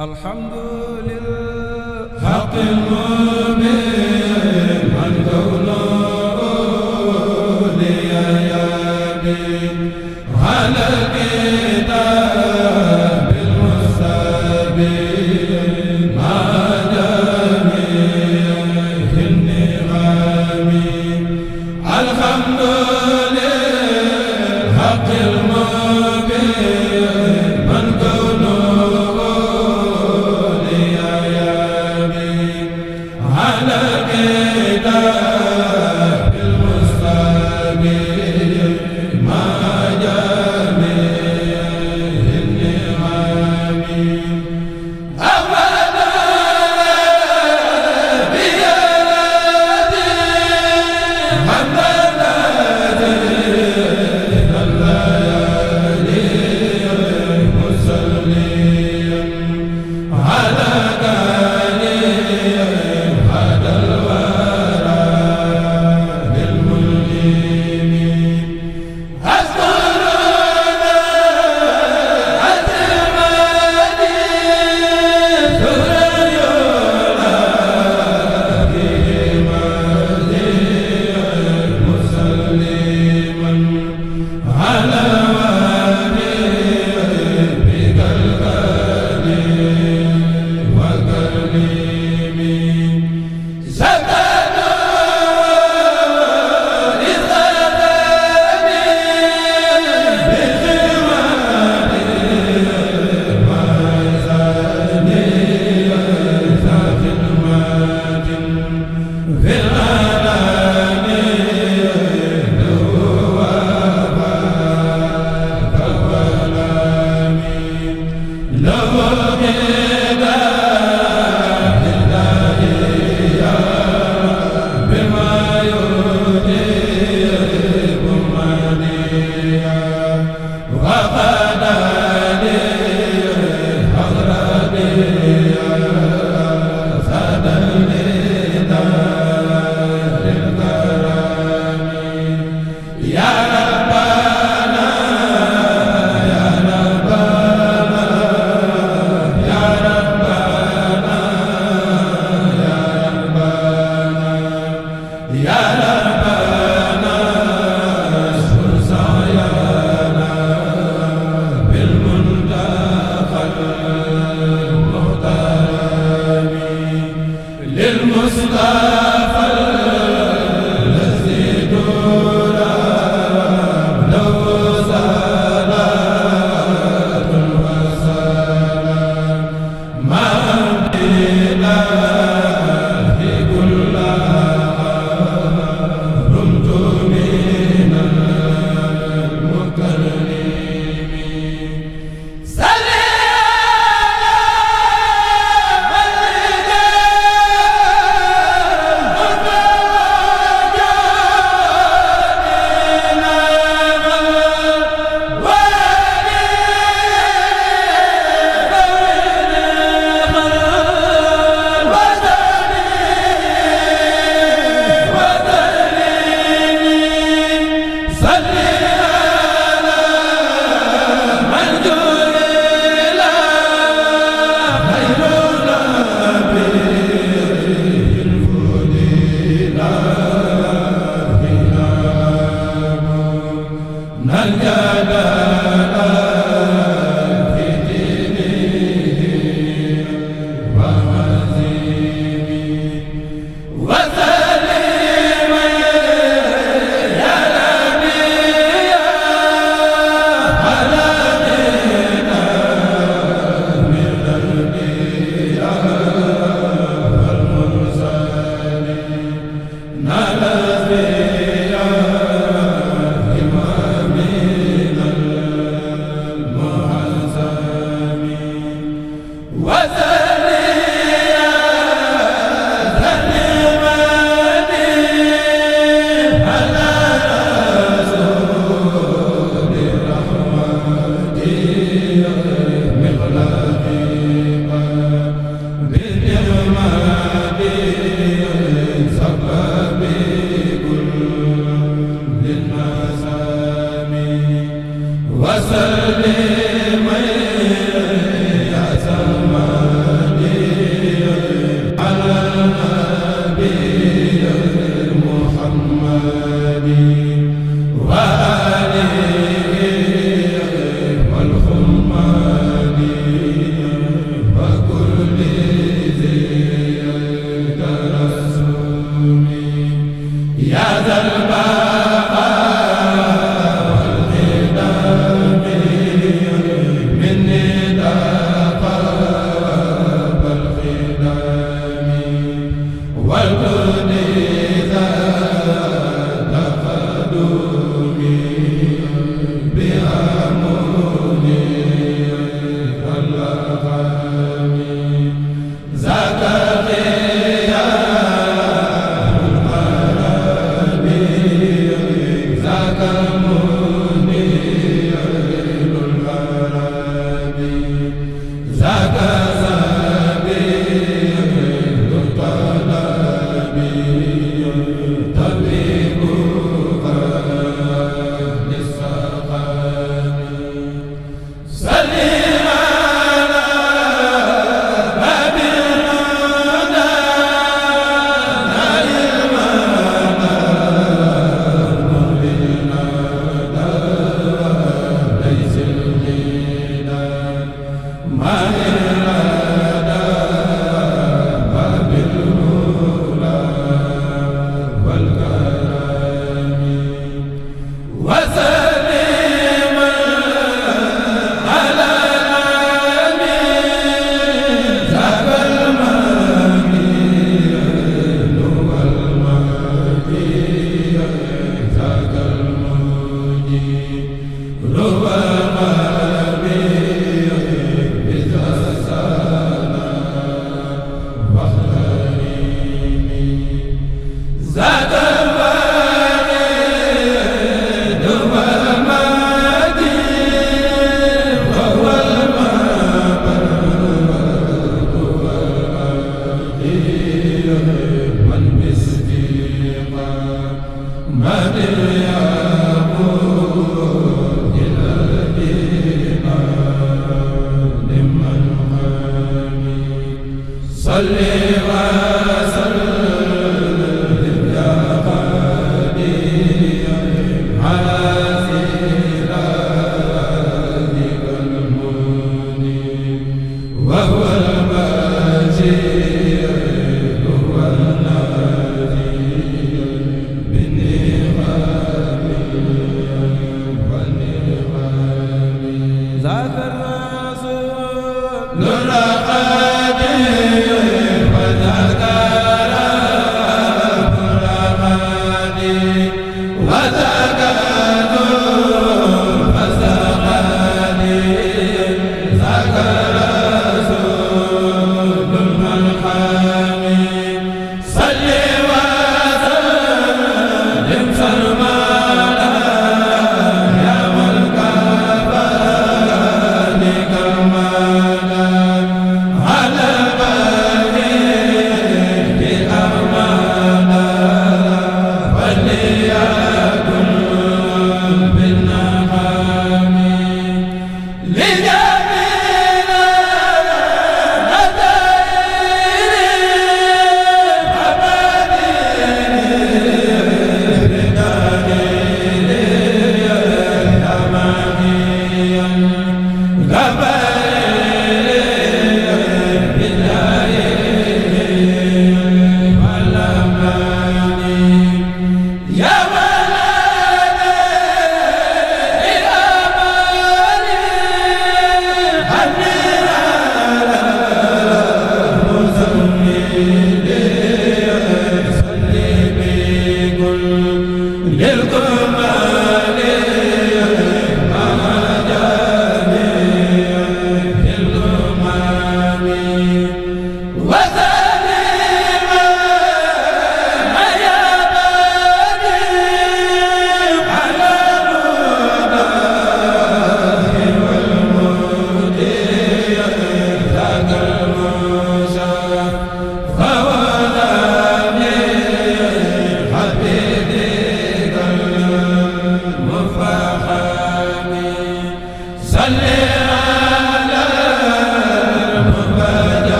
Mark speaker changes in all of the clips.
Speaker 1: alhamdulillah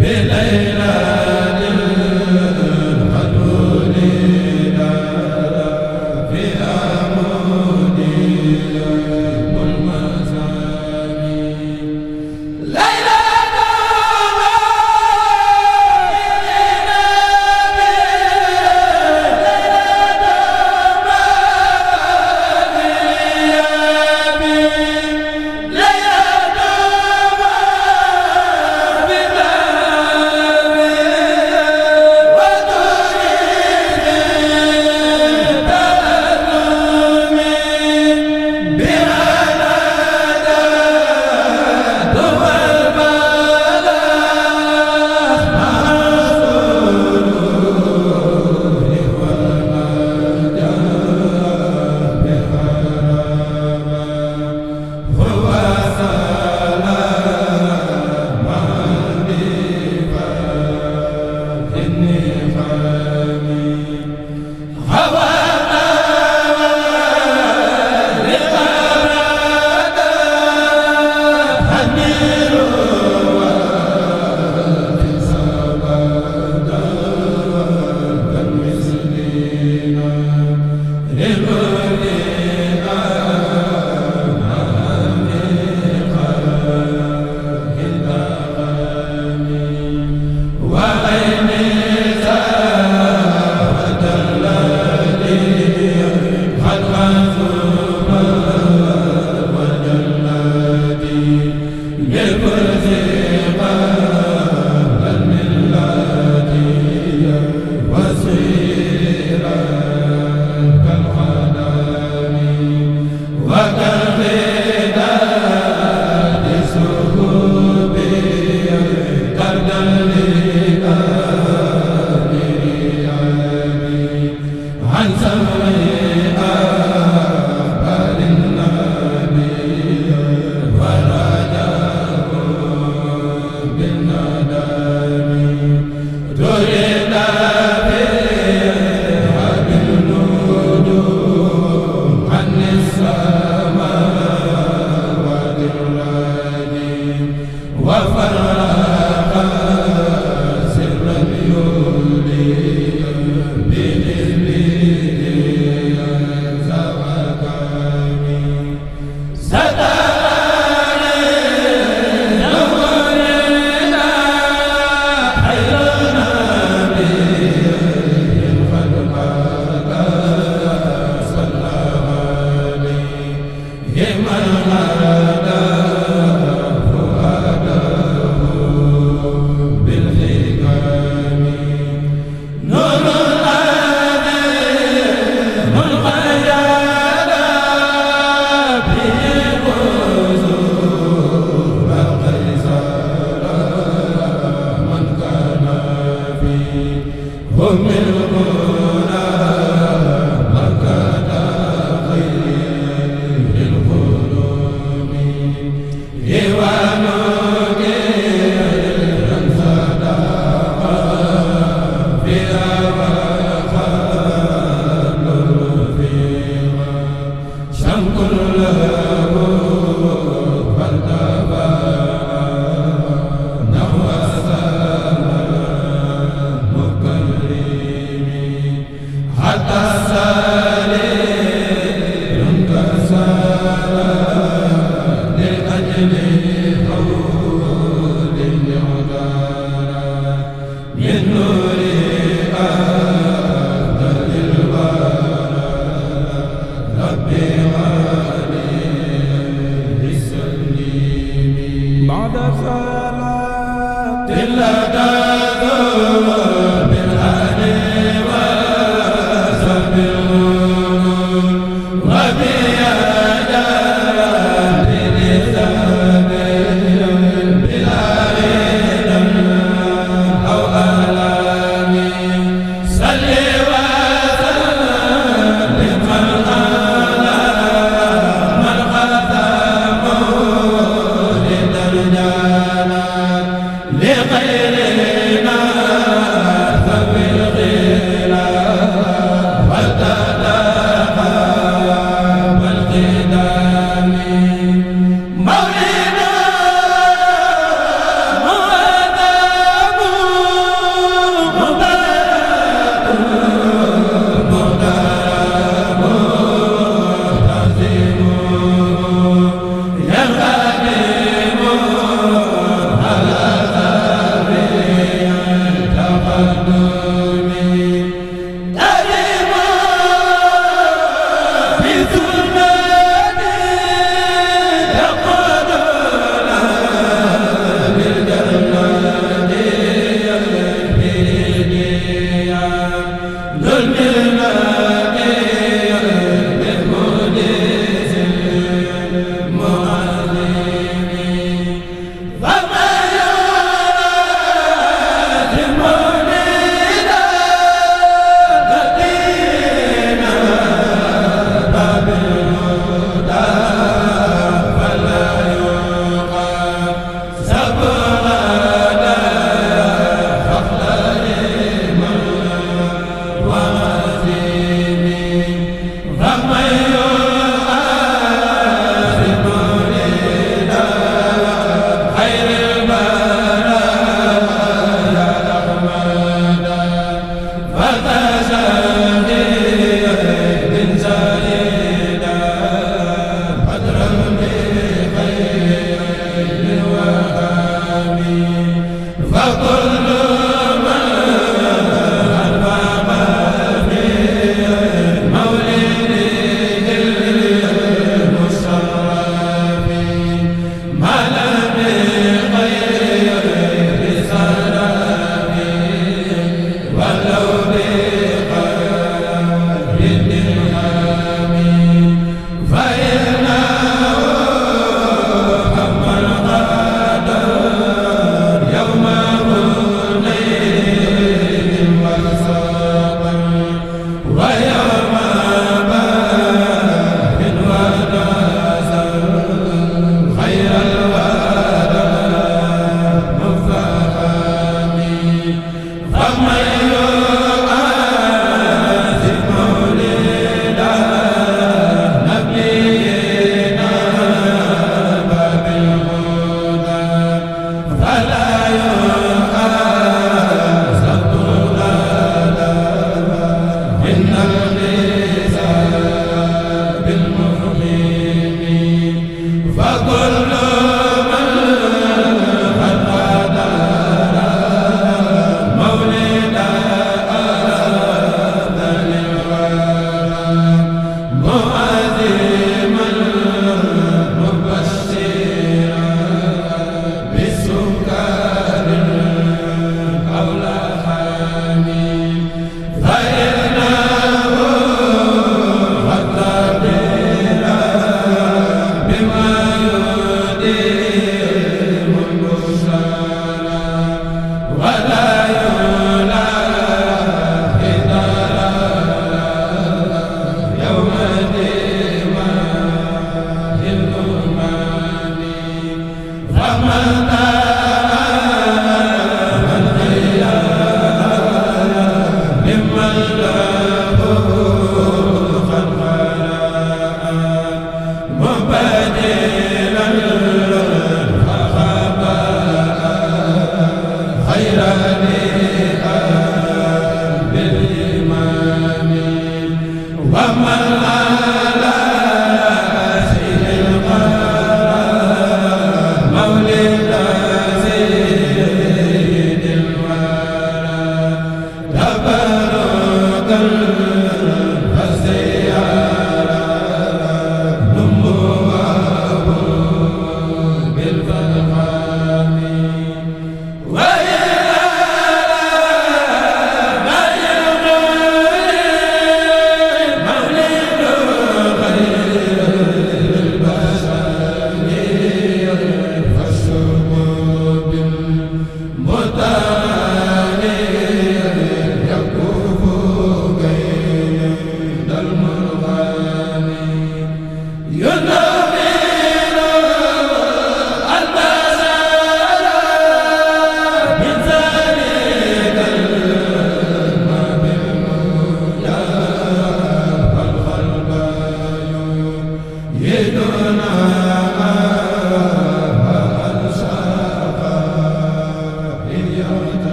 Speaker 1: bi layla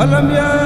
Speaker 1: walam ya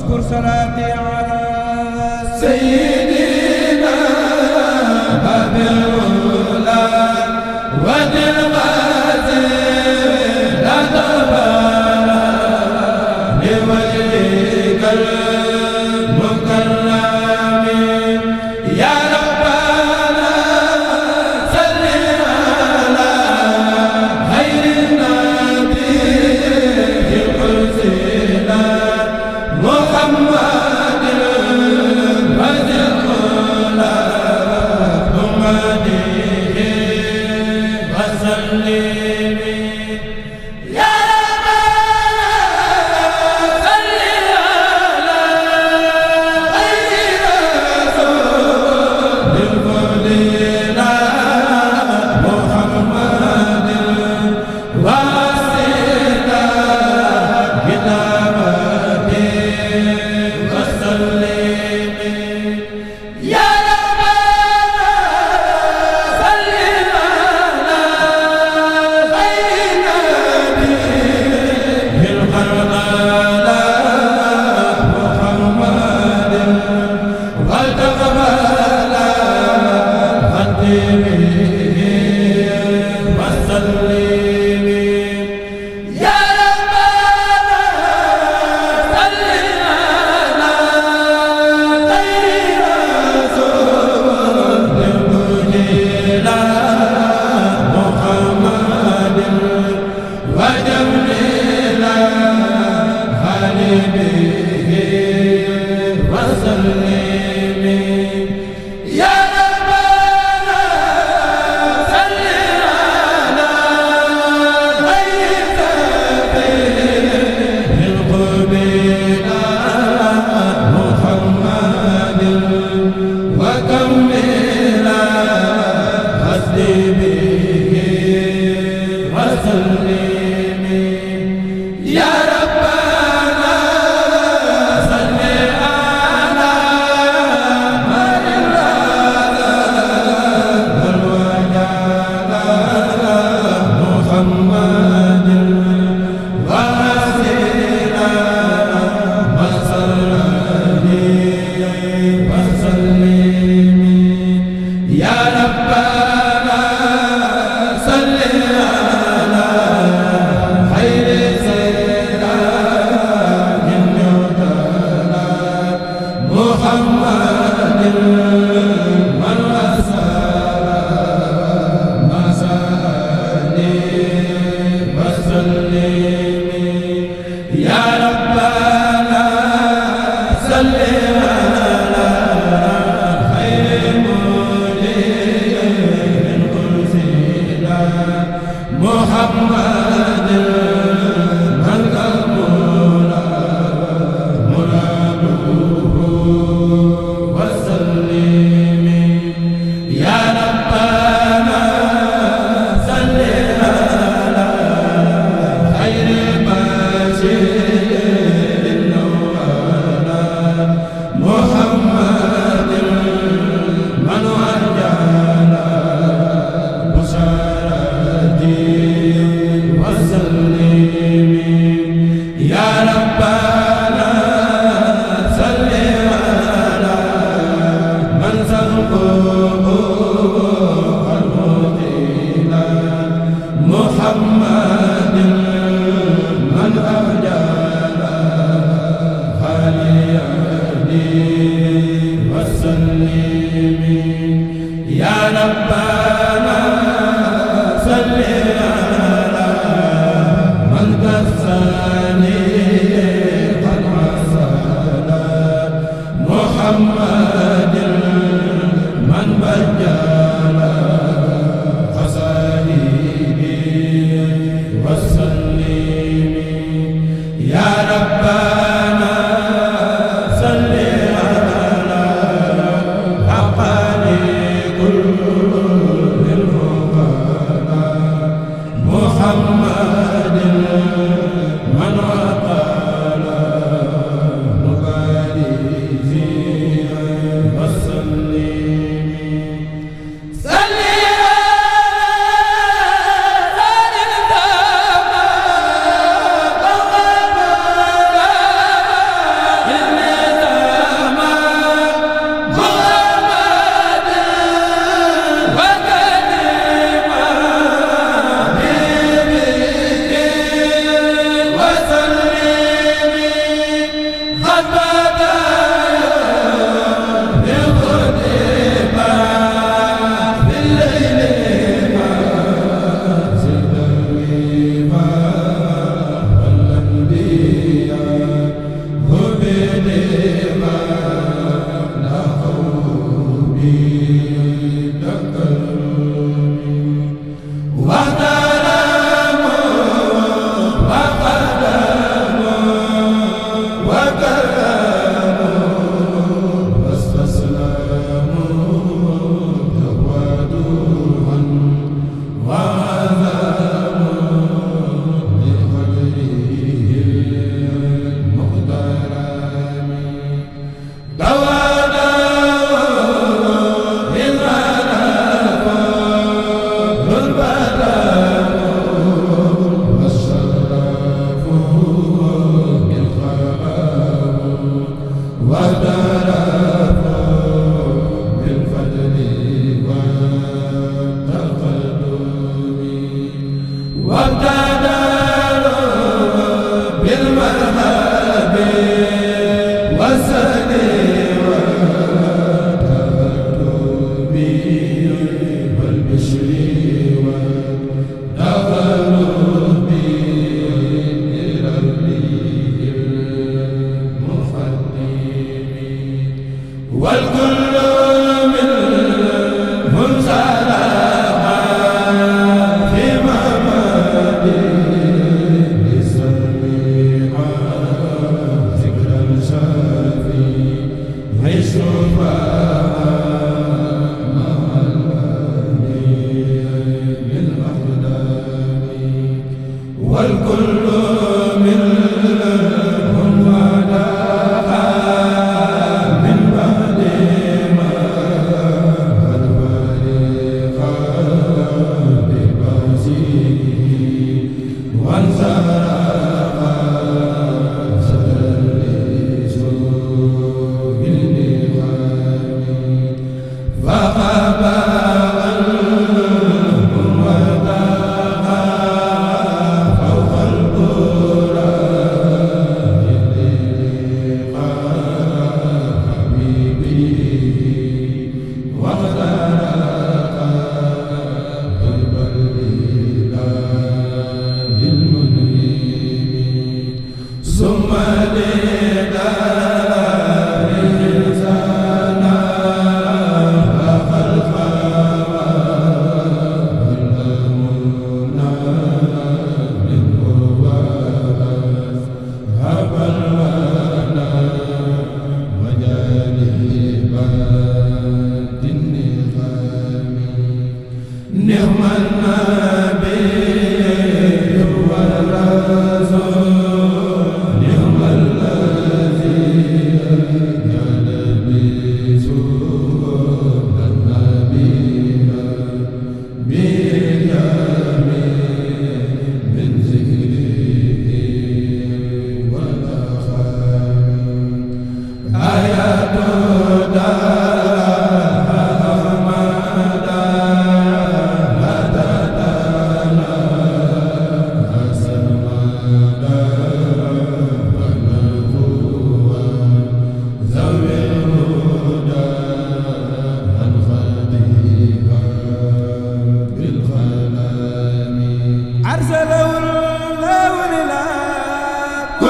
Speaker 1: واذكر صلاتي على سيدنا أبي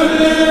Speaker 2: Amen